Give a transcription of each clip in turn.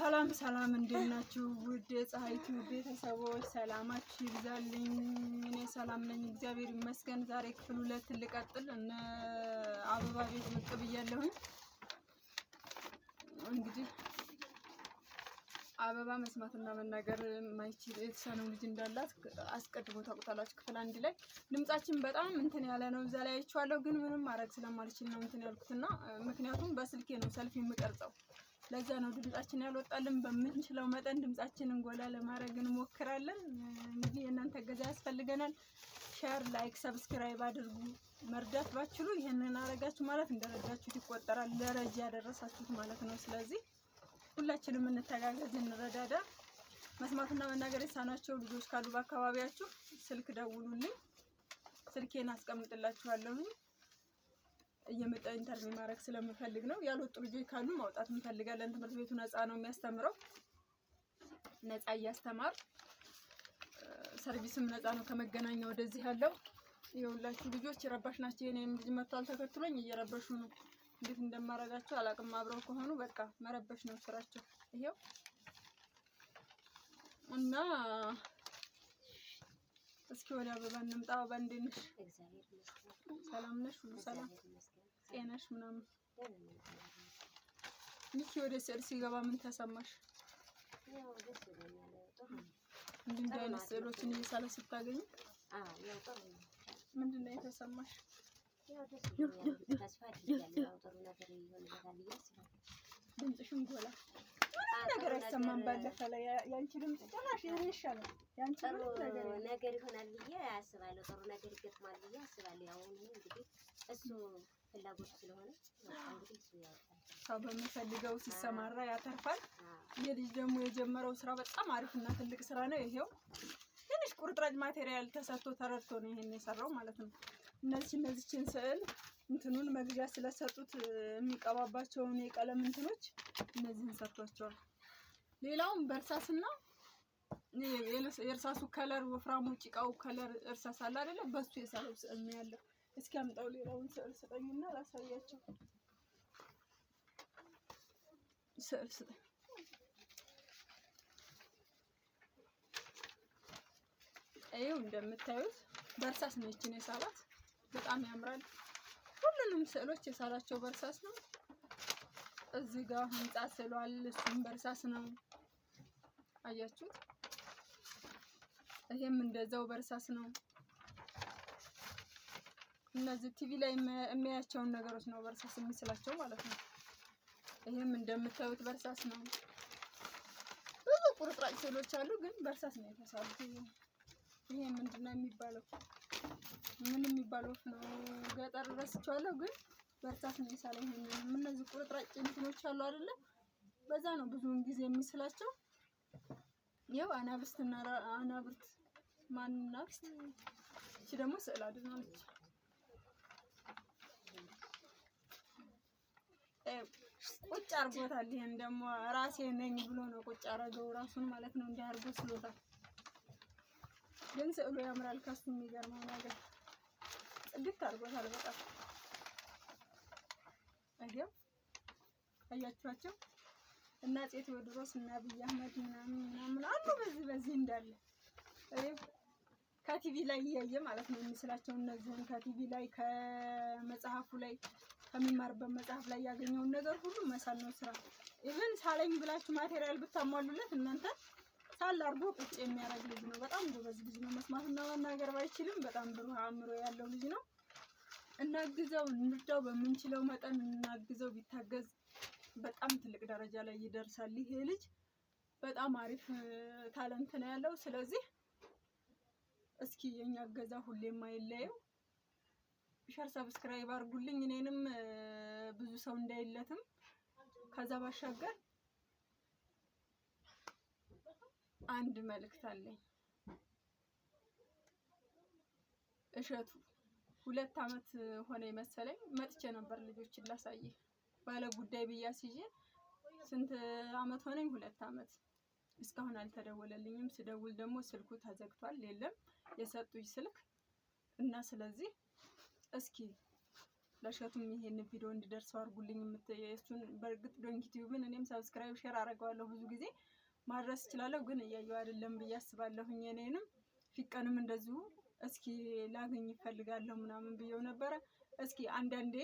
ሰላም ሰላም፣ እንዴት ናችሁ? ውድ የፀሐይቱ ቤተሰቦች ሰላማችሁ ይብዛልኝ። እኔ ሰላም ነኝ፣ እግዚአብሔር ይመስገን። ዛሬ ክፍል ሁለት ልቀጥል እነ አበባ ቤት ብቅ ብያለሁኝ። እንግዲህ አበባ መስማትና መናገር ማይችል የተሳነው ልጅ እንዳላት አስቀድሞ ታውቁታላችሁ። ክፍል አንድ ላይ ድምጻችን በጣም እንትን ያለ ነው። እዛ ላይ አይቼዋለሁ፣ ግን ምንም ማድረግ ስለማልችል ነው እንትን ያልኩትና ምክንያቱም በስልኬ ነው ሰልፍ የምቀርጸው ለዛ ነው ድምጻችን ያልወጣልን። በምንችለው መጠን ድምጻችንን ጎላ ለማድረግ እንሞክራለን። እንግዲህ የእናንተ እገዛ ያስፈልገናል። ሼር ላይክ፣ ሰብስክራይብ አድርጉ። መርዳት ባችሉ ይህንን አረጋችሁ ማለት እንደረዳችሁት ይቆጠራል፣ ደረጃ ያደረሳችሁት ማለት ነው። ስለዚህ ሁላችንም እንተጋገዝ፣ እንረዳዳ። መስማትና መናገር የተሳናቸው ልጆች ካሉ በአካባቢያችሁ ስልክ ደውሉልኝ፣ ስልኬን አስቀምጥላችኋለሁኝ። እየመጣ ኢንተርቪው ማድረግ ስለምፈልግ ነው። ያልወጡ ልጆች ካሉ ማውጣት እንፈልጋለን። ትምህርት ቤቱ ነፃ ነው የሚያስተምረው። ነፃ እያስተማር ሰርቪስም ነፃ ነው ከመገናኛ ወደዚህ ያለው። የሁላችሁ ልጆች ረባሽ ናቸው። የኔም ልጅ መጥቷል ተከትሎኝ እየረበሹ ነው። እንዴት እንደማረጋቸው አላቅም። አብረው ከሆኑ በቃ መረበሽ ነው ስራቸው ይሄው እና እስኪ ወደ አበባ እንምጣ። አበባ እንዴት ነሽ? ሰላም ነሽ? ሁሉ ሰላም ጤናሽ ምናምን ሚኪ ወደ ስዕል ሲገባ ምን ተሰማሽ? እንዲህ አይነት ስዕሎችን እየሳለ ስታገኝ ምንድን ነው የተሰማሽ? ድምፅሽን ጎላ ነገር አይሰማም። ባለፈ ላይ ያንቺ ድምፅ ጭራሽ ይሄን ይሻላል። ያንቺ ነገር ይሆናል ብዬ አስባለሁ። ጥሩ ነገር ይገጥማል ብዬ አስባለሁ። ያው እንግዲህ እሱ ፍላጎቱ ስለሆነ ሰው በሚፈልገው ሲሰማራ ያተርፋል። የልጅ ደግሞ የጀመረው ስራ በጣም አሪፍና ትልቅ ስራ ነው። ይሄው ትንሽ ቁርጥራጭ ማቴሪያል ተሰጥቶ ተረድቶ ነው ይሄን የሰራው ማለት ነው። እነዚህ እነዚችን ስዕል እንትኑን መግዣ ስለሰጡት የሚቀባባቸውን የቀለም እንትኖች እነዚህን ሰጥቷቸዋል። ሌላውም በእርሳስና የእርሳሱ ከለር ወፍራሙ ጭቃው ከለር እርሳስ አለ አይደለም፣ በሱ የሰራው ስዕል ነው ያለው። እስኪ አምጣው ሌላውን ስዕል ስጠኝና ላሳያቸው። ስዕል ስጠኝ። ይኸው እንደምታዩት በእርሳስ ነችን የሳላት በጣም ያምራል። ሁሉንም ስዕሎች የሳላቸው በእርሳስ ነው። እዚህ ጋር ህንጻ ስሏል፣ እሱም በእርሳስ ነው። አያችሁት? ይሄም እንደዛው በእርሳስ ነው። እነዚህ ቲቪ ላይ የሚያያቸውን ነገሮች ነው በርሳስ የሚስላቸው ማለት ነው። ይህም እንደምታዩት በርሳስ ነው። ብዙ ቁርጥራጭ ስዕሎች አሉ፣ ግን በርሳስ ነው የተሳሉት። ይሄ ምንድን ነው የሚባለው? ምን የሚባለው ነው? ገጠር ረስቼዋለሁ፣ ግን በርሳስ ነው የሳለ። ይሄንን እነዚህ ቁርጥራጭ እንትኖች አሉ አይደለ? በዛ ነው ብዙውን ጊዜ የሚስላቸው። ይኸው አናብስት እና አናብርት ማናብስት። እቺ ደግሞ ስዕል አድናለች። ቁጭ አርጎታል። ይሄን ደግሞ ራሴ ነኝ ብሎ ነው ቁጭ አረገው ራሱን ማለት ነው። እንዲህ አርጎ ስሎታል። ግን ስዕሉ ያምራል። ከሱ የሚገርመው ነገር ጽድት አርጎታል። በቃ አየው አያችኋቸው እና አፄ ቴዎድሮስ እና አብይ አህመድ ምናምን ምናምን አሉ በዚህ በዚህ እንዳለ ከቲቪ ላይ እያየ ማለት ነው የሚስላቸው እነዚህን ከቲቪ ላይ ከመጽሐፉ ላይ ከሚማርበት መጽሐፍ ላይ ያገኘውን ነገር ሁሉ መሳል ነው ስራ። ኢቨን ሳለኝ ብላችሁ ማቴሪያል ብታሟሉለት እናንተ ሳል አድርጎ ቁጭ የሚያደርግ ልጅ ነው። በጣም ጎበዝ ልጅ ነው። መስማትና መናገር ባይችልም በጣም ብሩህ አእምሮ ያለው ልጅ ነው። እናግዘው፣ እንርዳው። በምንችለው መጠን እናግዘው። ቢታገዝ በጣም ትልቅ ደረጃ ላይ ይደርሳል። ይሄ ልጅ በጣም አሪፍ ታለንት ነው ያለው። ስለዚህ እስኪ የኛ እገዛ ሁሌም አይለየው። ሸር ሰብስክራይብ አድርጉልኝ። እኔንም ብዙ ሰው እንዳይለትም ከዛ ባሻገር አንድ መልእክት አለኝ። እሸቱ ሁለት አመት ሆነ መሰለኝ መጥቼ ነበር ልጆችን ላሳየ ባለ ጉዳይ ብያ አስይዤ ስንት አመት ሆነኝ? ሁለት አመት እስካሁን አልተደወለልኝም። ስደውል ደግሞ ስልኩ ተዘግቷል፣ የለም የሰጡኝ ስልክ እና ስለዚህ እስኪ ለሸቱም ይሄን ቪዲዮ እንዲደርሰው አድርጉልኝ። የእሱን በእርግጥ ዶንኪ እኔም ሰብስክራይብ ሼር አደርገዋለሁ ብዙ ጊዜ ማድረስ እችላለሁ፣ ግን እያየው አይደለም ብዬ አስባለሁኝ። እኔንም ፊቀንም እንደዚሁ እስኪ ላገኝ ይፈልጋለሁ ምናምን ብየው ነበረ። እስኪ አንዳንዴ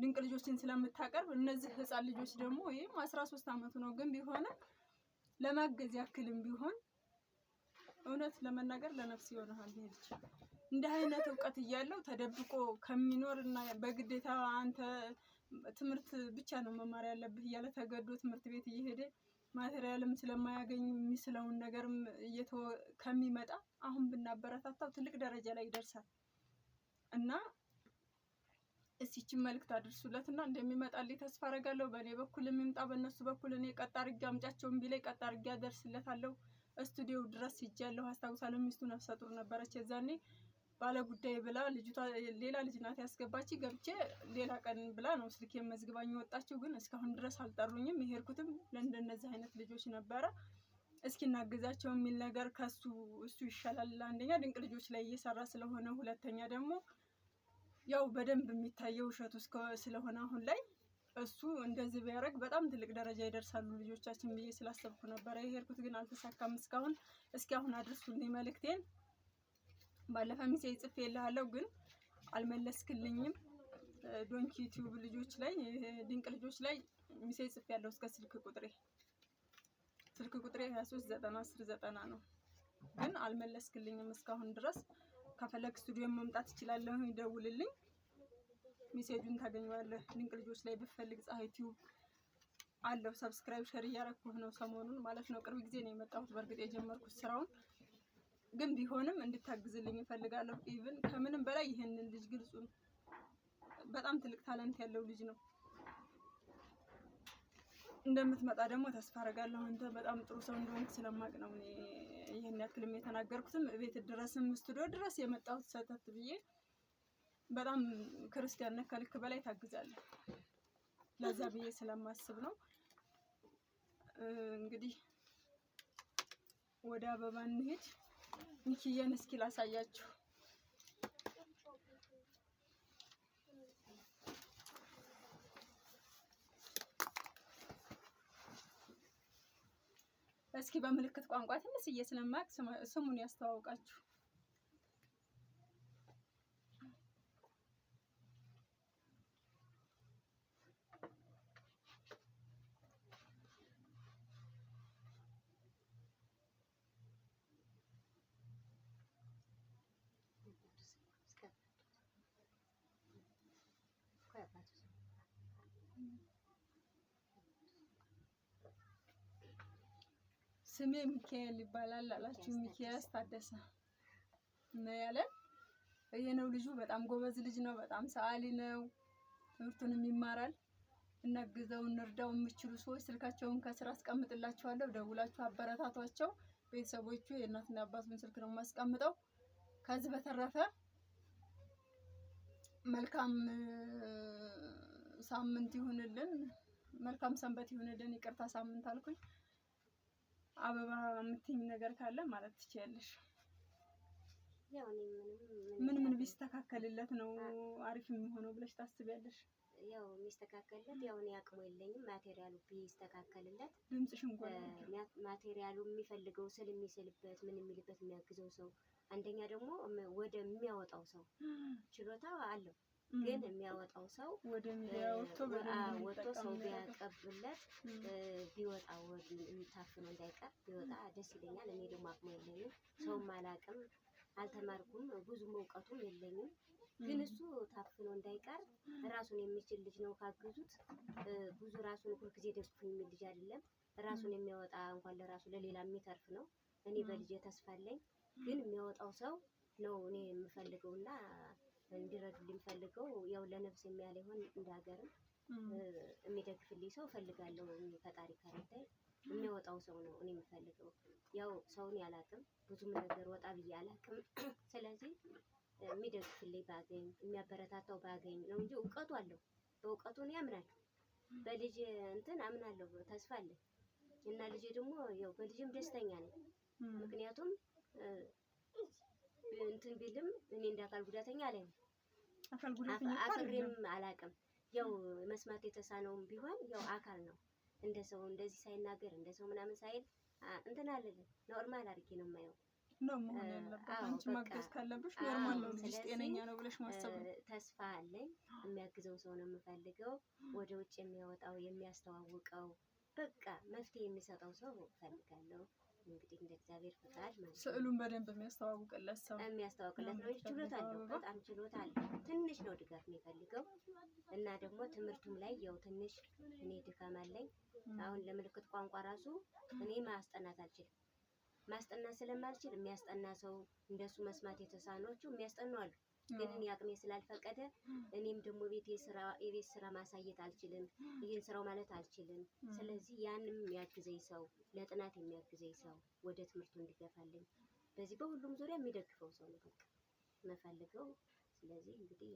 ድንቅ ልጆችን ስለምታቀርብ እነዚህ ህፃን ልጆች ደግሞ ይህም አስራ ሶስት አመቱ ነው ግን ቢሆንም ለማገዝ ያክልም ቢሆን እውነት ለመናገር ለነፍስ ይሆናል ይሄ እንዲህ አይነት እውቀት እያለው ተደብቆ ከሚኖር እና በግዴታ አንተ ትምህርት ብቻ ነው መማር ያለብህ እያለ ተገዶ ትምህርት ቤት እየሄደ ማቴሪያልም ስለማያገኝ የሚስለውን ነገርም እየተወ ከሚመጣ አሁን ብናበረታታው ትልቅ ደረጃ ላይ ይደርሳል እና እስቺን መልእክት አድርሱለት እና እንደሚመጣልኝ ተስፋ አደርጋለሁ። በእኔ በኩል የሚምጣ በእነሱ በኩል እኔ ቀጥ አድርጌ አምጫቸውን ቢላይ ቀጥ አድርጌ አደርስለታለሁ። ስቱዲዮ ድረስ ሂጃለሁ አስታውሳለሁ። ሚስቱ ነፍሰ ጡር ነበረች የዛኔ ባለ ጉዳይ ብላ ልጅቷ ሌላ ልጅ ናት ያስገባች። ገብቼ ሌላ ቀን ብላ ነው ስልኬ መዝግባኝ ወጣችው። ግን እስካሁን ድረስ አልጠሩኝም። የሄድኩትም ለእንደነዚህ አይነት ልጆች ነበረ። እስኪ እናግዛቸው የሚል ነገር ከሱ እሱ ይሻላል። አንደኛ ድንቅ ልጆች ላይ እየሰራ ስለሆነ፣ ሁለተኛ ደግሞ ያው በደንብ የሚታየው ውሸቱ ስለሆነ አሁን ላይ እሱ እንደዚህ ቢያደርግ በጣም ትልቅ ደረጃ ይደርሳሉ ልጆቻችን ብዬ ስላሰብኩ ነበረ የሄድኩት። ግን አልተሳካም እስካሁን። እስኪ አሁን አድርሱልኝ መልእክቴን። ባለፈ ሚሴጅ ጽፌልሃለሁ ግን አልመለስክልኝም። ዶንኪ ዩቲዩብ ልጆች ላይ ድንቅ ልጆች ላይ ሚሴጅ ጽፌያለሁ እስከ ስልክ ቁጥሬ ስልክ ቁጥሬ 23901090 ነው ግን አልመለስክልኝም እስካሁን ድረስ። ከፈለግ ስቱዲዮ መምጣት ይችላለሁ፣ ይደውልልኝ። ሜሴጁን ታገኘዋለህ። ድንቅ ልጆች ላይ ብፈልግ ፀሐይ ቲዩብ አለው። ሰብስክራይብ ሸር እያረኩህ ነው ሰሞኑን ማለት ነው። ቅርብ ጊዜ ነው የመጣሁት። በእርግጥ የጀመርኩት ስራውን ግን ቢሆንም እንድታግዝልኝ እፈልጋለሁ። ኢቭን ከምንም በላይ ይህንን ልጅ ግልጹን በጣም ትልቅ ታለንት ያለው ልጅ ነው። እንደምትመጣ ደግሞ ተስፋ አደርጋለሁ። አንተ በጣም ጥሩ ሰው እንደሆንክ ስለማቅ ነው ይህን ያክልም የተናገርኩትም። ቤት ድረስም ስቱዲዮ ድረስ የመጣሁት ሰተት ብዬ በጣም ክርስቲያን ነህ ከልክ በላይ ታግዛለህ። ለዛ ብዬ ስለማስብ ነው። እንግዲህ ወደ አበባ እንሄድ። ሚኪዬን እስኪ ላሳያችሁ። እስኪ በምልክት ቋንቋ ትንሽዬ ስለማያውቅ ስሙን ያስተዋውቃችሁ። ስሜ ሚካኤል ይባላል አላችሁ። ሚኪያስ ታደሰ ነው ያለን። በየነው ልጁ በጣም ጎበዝ ልጅ ነው። በጣም ሰዓሊ ነው። ትምህርቱንም ይማራል። እናግዘው፣ እንርዳው የምችሉ ሰዎች ስልካቸውን ከስራ አስቀምጥላችኋለሁ። ደውላችሁ አበረታቷቸው። ቤተሰቦቹ የእናትና አባቱን ስልክ ነው የማስቀምጠው። ከዚህ በተረፈ መልካም ሳምንት ይሁንልን፣ መልካም ሰንበት ይሁንልን። ይቅርታ ሳምንት አልኩኝ። አበባ የምትይኝ ነገር ካለ ማለት ትችያለሽ። ምን ምን ቢስተካከልለት ነው አሪፍ የሚሆነው ብለሽ ታስቢያለሽ? ያው የሚስተካከልለት ያው እኔ አቅሙ የለኝም። ማቴሪያሉ ቢስተካከልለት ድምፅሽ እንኳን ማቴሪያሉ የሚፈልገው ስል የሚስልበት ምን የሚልበት የሚያግዘው ሰው፣ አንደኛ ደግሞ ወደ የሚያወጣው ሰው ችሎታ አለው። ግን የሚያወጣው ሰው ወደ ሚዲያ ወጥቶ ሰው ቢያቀብለት ቢወጣ ታፍኖ እንዳይቀር ቢወጣ ደስ ይለኛል። እኔ ደግሞ አቅሙ የለኝም፣ ሰውም አላቅም፣ አልተማርኩም፣ ብዙ እውቀቱም የለኝም። ግን እሱ ታፍኖ እንዳይቀር ራሱን የሚችል ልጅ ነው። ካገዙት ብዙ ራሱን ሁልጊዜ ደግፉኝ የሚል ልጅ አይደለም። ራሱን የሚያወጣ እንኳን ለራሱ ለሌላ የሚተርፍ ነው። እኔ በልጅ ተስፋ አለኝ። ግን የሚያወጣው ሰው ነው እኔ የምፈልገውና እንዲረዱልኝ ፈልገው ያው ለነፍስ የሚያለ ይሆን እንደ ሀገርም የሚደግፍልኝ ሰው እፈልጋለሁ። ፈጣሪ ከረዳኝ የሚያወጣው ሰው ነው እኔ የምፈልገው። ያው ሰውን ያላቅም ብዙም ነገር ወጣ ብዬ አላቅም። ስለዚህ የሚደግፍልኝ ባገኝ የሚያበረታታው ባገኝ ነው እንጂ እውቀቱ አለው። በእውቀቱ እኔ አምናለሁ። በልጅ እንትን አምናለሁ፣ ተስፋ አለኝ እና ልጅ ደግሞ ያው በልጅም ደስተኛ ነኝ። ምክንያቱም እንትን ቢልም እኔ እንደ አካል ጉዳተኛ አለኝ አካል ጉዳተኛ አፍሬም አላውቅም። ያው መስማት የተሳነውም ቢሆን ያው አካል ነው። እንደ ሰው እንደዚህ ሳይናገር እንደ ሰው ምናምን ሳይል እንትን አለኝ ኖርማል አድርጌ ነው የማየው ነው መሆን ያለበት። አንቺ ማገዝ ካለብሽ ኖርማል ነው፣ ልጅ ጤነኛ ነው ብለሽ ማሰብ ነው። ተስፋ አለኝ። የሚያግዘው ሰው ነው የምፈልገው፣ ወደ ውጭ የሚያወጣው የሚያስተዋውቀው፣ በቃ መፍትሄ የሚሰጠው ሰው እፈልጋለሁ። እንግዲህ እንደ እግዚአብሔር ፍቃድ ማለት ነው። ስዕሉን በደንብ የሚያስተዋውቅለት ሰው የሚያስተዋውቅለት ነው። ችሎታ አለው፣ በጣም ችሎታ አለው። ትንሽ ነው ድጋፍ የሚፈልገው እና ደግሞ ትምህርቱም ላይ ያው ትንሽ እኔ ድካም አለኝ። አሁን ለምልክት ቋንቋ ራሱ እኔ ማስጠናት አልችልም። ማስጠናት ስለማልችል የሚያስጠና ሰው እንደሱ መስማት የተሳኖቹ የሚያስጠኑ አሉ። ግን እኔ አቅሜ ስላልፈቀደ እኔም ደግሞ ቤት የቤት ስራ ማሳየት አልችልም፣ ይህን ስራው ማለት አልችልም። ስለዚህ ያንም የሚያግዘኝ ሰው ለጥናት የሚያግዘኝ ሰው ወደ ትምህርቱ እንዲገፋልኝ በዚህ በሁሉም ዙሪያ የሚደግፈው ሰው ነው በቃ መፈልገው። ስለዚህ እንግዲህ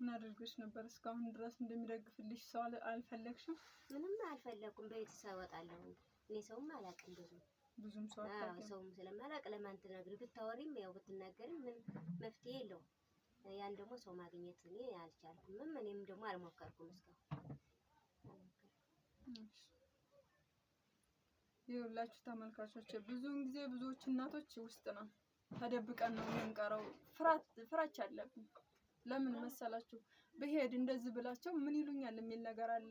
ምን አድርገሽ ነበር እስካሁን ድረስ እንደሚደግፍልሽ ሰው አልፈለግሽም? ምንም አልፈለኩም። በቤተሰብ እወጣለሁ እኔ ሰውም አላውቅም ብዙ ብዙም ሰው ሰውም ስለማላቅ ለማን ትነግሪ ብታወሪም ያው ብትናገርም ምን መፍትሄ የለውም። ያን ደግሞ ሰው ማግኘት እኔ አልቻልኩም፣ እኔም ደግሞ አልሞከርኩም እስካሁን። ይኸውላችሁ ተመልካቾች፣ ብዙውን ጊዜ ብዙዎች እናቶች ውስጥ ነው ተደብቀን ነው የምንቀረው። ፍራት ፍራች አለብን። ለምን መሰላችሁ? ብሄድ እንደዚህ ብላቸው ምን ይሉኛል የሚል ነገር አለ።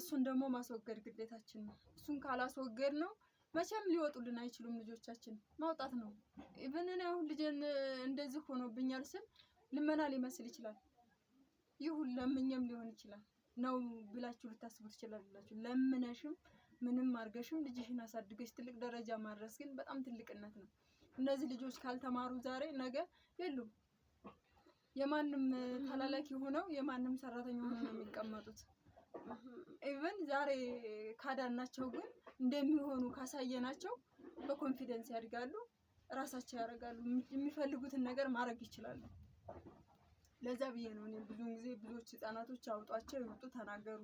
እሱን ደግሞ ማስወገድ ግዴታችን ነው። እሱን ካላስወገድ ነው መቼም ሊወጡልን አይችሉም። ልጆቻችን ማውጣት ነው። ኢቨን እኔ አሁን ልጄን እንደዚህ ሆኖብኛል ስል ልመና ሊመስል ይችላል። ይሁን ለምኜም ሊሆን ይችላል ነው ብላችሁ ልታስቡ ትችላላችሁ። ለምነሽም ምንም አድርገሽም ልጅሽን አሳድገሽ ትልቅ ደረጃ ማድረስ ግን በጣም ትልቅነት ነው። እነዚህ ልጆች ካልተማሩ ዛሬ ነገ የሉም። የማንም ተላላኪ ሆነው የማንም ሰራተኛ ሆነው ነው የሚቀመጡት። ኢቨን ዛሬ ካዳናቸው ግን እንደሚሆኑ ካሳየናቸው በኮንፊደንስ ያድጋሉ፣ ራሳቸው ያደርጋሉ፣ የሚፈልጉትን ነገር ማድረግ ይችላሉ። ለዛ ብዬ ነው እኔ ብዙውን ጊዜ ብዙዎች ህጻናቶች አውጧቸው ይውጡ ተናገሩ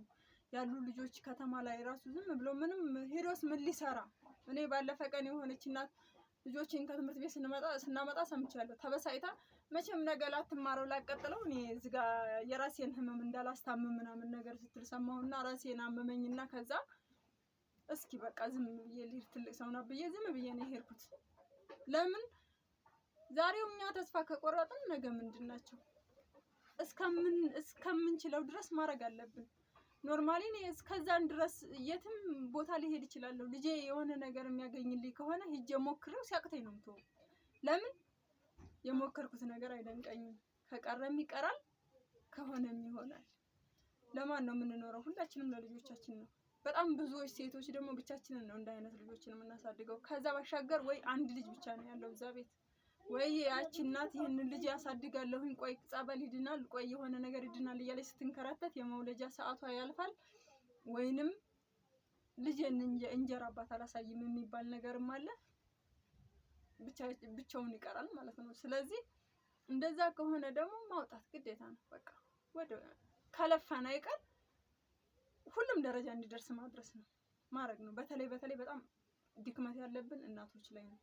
ያሉ ልጆች ከተማ ላይ ራሱ ዝም ብሎ ምንም ሄዶስ ምን ሊሰራ እኔ ባለፈ ቀን የሆነች እናት ልጆችን ከትምህርት ቤት ስናመጣ ሰምቻለሁ። ተበሳይታ መቼም ነገ ላትማረው ላቀጥለው እኔ እዚጋ የራሴን ህመም እንዳላስታምም ምናምን ነገር ስትል ሰማሁና ራሴን አመመኝና ከዛ እስኪ በቃ ዝም ብዬ ልሂድ ትልቅ ሰው ነው ብዬ ዝም ብዬ ነው የሄድኩት። ለምን ዛሬው እኛ ተስፋ ከቆረጥን ነገ ምንድን ናቸው? እስከምንችለው ድረስ ማድረግ አለብን። ኖርማሊ እስከዛን ድረስ የትም ቦታ ሊሄድ ይችላለሁ ልጄ የሆነ ነገር የሚያገኝልኝ ከሆነ ሂጄ ሞክሬው ሲያቅተኝ ነው ምቶ ለምን የሞከርኩት ነገር አይደንቀኝም። ከቀረም ይቀራል፣ ከሆነም ይሆናል። ለማን ነው የምንኖረው? ሁላችንም ለልጆቻችን ነው። በጣም ብዙዎች ሴቶች ደግሞ ብቻችንን ነው እንደ አይነት ልጆችን የምናሳድገው። ከዛ ባሻገር ወይ አንድ ልጅ ብቻ ነው ያለው እዛ ቤት ወይ ያቺ እናት ልጅ ያሳድጋለሁኝ፣ ቆይ ጸበል ይድናል፣ ቆይ የሆነ ነገር ይድናል እያለች ስትንከራተት የመውለጃ ሰዓቷ ያልፋል። ወይንም ልጅን እንጀራ አባት አላሳይም የሚባል ነገርም አለ። ብቻውን ይቀራል ማለት ነው። ስለዚህ እንደዛ ከሆነ ደግሞ ማውጣት ግዴታ ነው። በቃ ወደ ከለፋን አይቀር ሁሉም ደረጃ እንዲደርስ ማድረስ ነው ማድረግ ነው። በተለይ በተለይ በጣም ድክመት ያለብን እናቶች ላይ ነው።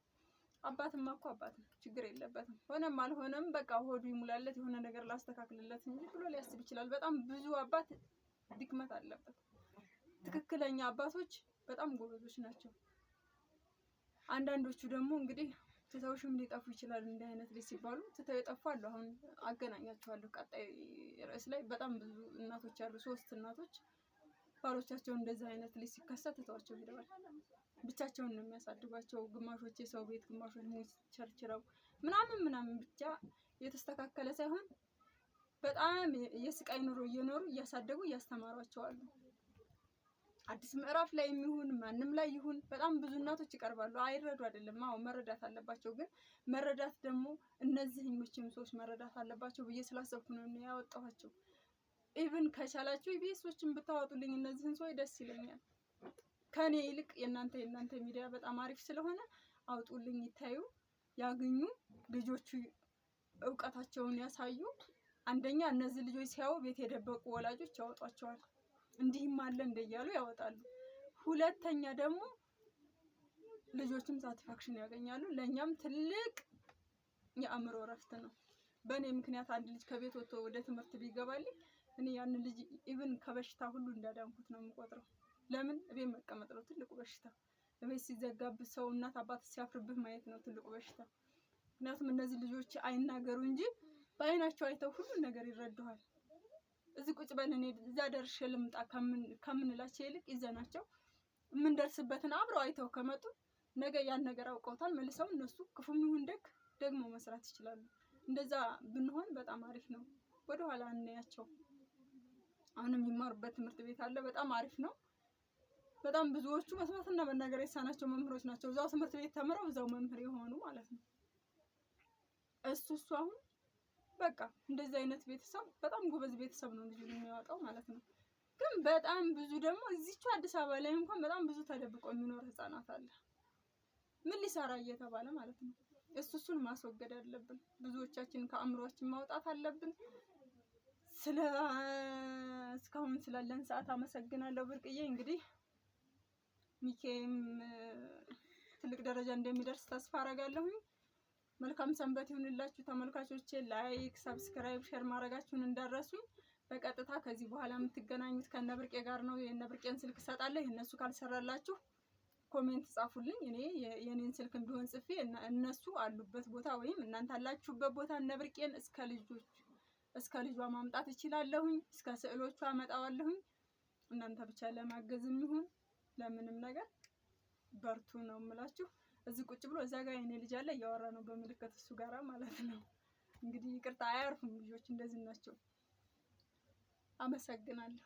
አባትማ እኮ አባት ነው፣ ችግር የለበትም። ሆነም አልሆነም በቃ ሆዱ ይሙላለት የሆነ ነገር ላስተካክልለት እንጂ ብሎ ሊያስብ ይችላል። በጣም ብዙ አባት ድክመት አለበት። ትክክለኛ አባቶች በጣም ጎበዞች ናቸው። አንዳንዶቹ ደግሞ እንግዲህ ትተውሽም ሊጠፉ ይችላል። እንዲህ አይነት ልጅ ሲባሉ ትተው አሉ። አሁን አገናኛቸዋለሁ ቀጣይ ርዕስ ላይ በጣም ብዙ እናቶች አሉ። ሶስት እናቶች ባሎቻቸው እንደዚህ አይነት ልጅ ሲከሰት ትተዋቸው ሄደዋል። ብቻቸውን ነው የሚያሳድጓቸው። ግማሾች የሰው ቤት፣ ግማሾች ሙዝ ቸርችረው ምናምን ምናምን ብቻ የተስተካከለ ሳይሆን በጣም የስቃይ ኑሮ እየኖሩ እያሳደጉ እያስተማሯቸዋሉ። አዲስ ምዕራፍ ላይ የሚሆን ማንም ላይ ይሁን በጣም ብዙ እናቶች ይቀርባሉ። አይረዱ አይደለም፣ አዎ መረዳት አለባቸው። ግን መረዳት ደግሞ እነዚህኞችም ሰዎች መረዳት አለባቸው ብዬ ስላሰብኩ ነው ያወጣኋቸው። ኢቭን ከቻላችሁ ኢቢኤሶችን ብታወጡልኝ እነዚህን ሰዎች ደስ ይለኛል። ከኔ ይልቅ የእናንተ የእናንተ ሚዲያ በጣም አሪፍ ስለሆነ አውጡልኝ፣ ይታዩ፣ ያግኙ፣ ልጆቹ እውቀታቸውን ያሳዩ። አንደኛ እነዚህ ልጆች ሲያዩ ቤት የደበቁ ወላጆች ያወጧቸዋል። እንዲህም አለ እንደያሉ ያወጣሉ። ሁለተኛ ደግሞ ልጆችም ሳቲስፋክሽን ያገኛሉ። ለእኛም ትልቅ የአእምሮ እረፍት ነው። በእኔ ምክንያት አንድ ልጅ ከቤት ወጥቶ ወደ ትምህርት ቢገባልኝ እኔ ያንን ልጅ ኢቭን ከበሽታ ሁሉ እንዳዳንኩት ነው የምቆጥረው። ለምን እቤት መቀመጥ ነው ትልቁ በሽታ። እቤት ሲዘጋብህ ሰው እናት አባት ሲያፍርብህ ማየት ነው ትልቁ በሽታ። ምክንያቱም እነዚህ ልጆች አይናገሩ እንጂ በአይናቸው አይተው ሁሉን ነገር ይረዱሃል። እዚህ ቁጭ በል እኔ እዛ ደርሼ ልምጣ ከምንላቸው ይልቅ ይዘናቸው የምንደርስበትን አብረው አይተው ከመጡ ነገ ያን ነገር አውቀውታል። መልሰው እነሱ ክፉም ይሁን ደግ ደግሞ መስራት ይችላሉ። እንደዛ ብንሆን በጣም አሪፍ ነው። ወደኋላ እናያቸው። አሁን የሚማሩበት ትምህርት ቤት አለ። በጣም አሪፍ ነው። በጣም ብዙዎቹ መስማትና መናገር የተሳናቸው መምህሮች ናቸው። እዛው ትምህርት ቤት ተምረው እዛው መምህር የሆኑ ማለት ነው። እሱ እሱ አሁን በቃ እንደዚህ አይነት ቤተሰብ በጣም ጎበዝ ቤተሰብ ነው ልጅ የሚያወጣው ማለት ነው። ግን በጣም ብዙ ደግሞ እዚቹ አዲስ አበባ ላይ እንኳን በጣም ብዙ ተደብቆ የሚኖር ህጻናት አለ። ምን ሊሰራ እየተባለ ማለት ነው። እሱ እሱን ማስወገድ አለብን። ብዙዎቻችን ከአእምሯችን ማውጣት አለብን። ስለ እስካሁን ስላለን ሰዓት አመሰግናለሁ ብርቅዬ። እንግዲህ ሚኬም ትልቅ ደረጃ እንደሚደርስ ተስፋ አረጋለሁኝ። መልካም ሰንበት ይሁንላችሁ ተመልካቾቼ። ላይክ፣ ሰብስክራይብ፣ ሼር ማድረጋችሁን እንዳረሱኝ። በቀጥታ ከዚህ በኋላ የምትገናኙት ከነብርቄ ጋር ነው። የነብርቄን ስልክ እሰጣለሁ። እነሱ ካልሰራላችሁ ኮሜንት ጻፉልኝ። እኔ የኔን ስልክ እንዲሆን ጽፌ እነሱ አሉበት ቦታ ወይም እናንተ አላችሁበት ቦታ እነብርቄን እስከ ልጆቹ እስከ ልጇ ማምጣት እችላለሁኝ። እስከ ስዕሎቿ አመጣዋለሁኝ። እናንተ ብቻ ለማገዝም ይሁን ለምንም ነገር በርቱ ነው የምላችሁ። እዚህ ቁጭ ብሎ እዛ ጋር የኔ ልጅ አለ እያወራ ነው በምልክት እሱ ጋር ማለት ነው። እንግዲህ ይቅርታ አያርፉም ልጆች እንደዚህ ናቸው። አመሰግናለሁ።